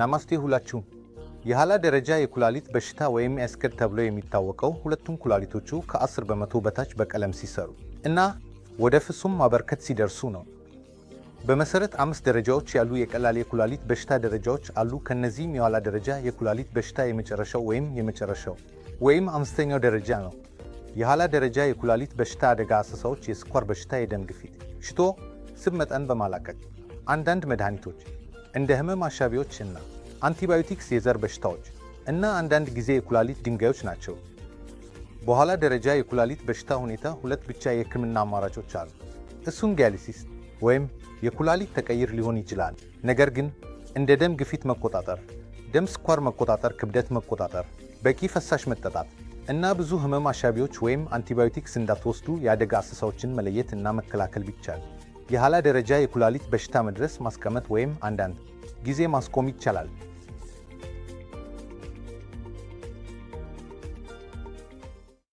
ናማስቴ ሁላችሁ የኋላ ደረጃ የኩላሊት በሽታ ወይም ኤስኬድ ተብሎ የሚታወቀው ሁለቱም ኩላሊቶቹ ከ10 በመቶ በታች በቀለም ሲሰሩ እና ወደ ፍጹም ማበርከት ሲደርሱ ነው። በመሰረት አምስት ደረጃዎች ያሉ የቀላል የኩላሊት በሽታ ደረጃዎች አሉ። ከነዚህም የኋላ ደረጃ የኩላሊት በሽታ የመጨረሻው ወይም የመጨረሻው ወይም አምስተኛው ደረጃ ነው። የኋላ ደረጃ የኩላሊት በሽታ አደጋ አሰሳዎች የስኳር በሽታ፣ የደም ግፊት፣ ሽቶ፣ ስብ መጠን በማላቀቅ አንዳንድ መድኃኒቶች እንደ ህመም አሻቢዎች እና አንቲባዮቲክስ የዘር በሽታዎች እና አንዳንድ ጊዜ የኩላሊት ድንጋዮች ናቸው። በኋላ ደረጃ የኩላሊት በሽታ ሁኔታ ሁለት ብቻ የህክምና አማራጮች አሉ። እሱን ዲያሊሲስ ወይም የኩላሊት ተቀይር ሊሆን ይችላል። ነገር ግን እንደ ደም ግፊት መቆጣጠር፣ ደም ስኳር መቆጣጠር፣ ክብደት መቆጣጠር፣ በቂ ፈሳሽ መጠጣት እና ብዙ ህመም አሻቢዎች ወይም አንቲባዮቲክስ እንዳትወስዱ የአደጋ አሰሳዎችን መለየት እና መከላከል ቢቻል የኋላ ደረጃ የኩላሊት በሽታ መድረስ ማስቀመጥ ወይም አንዳንድ ጊዜ ማስቆም ይቻላል።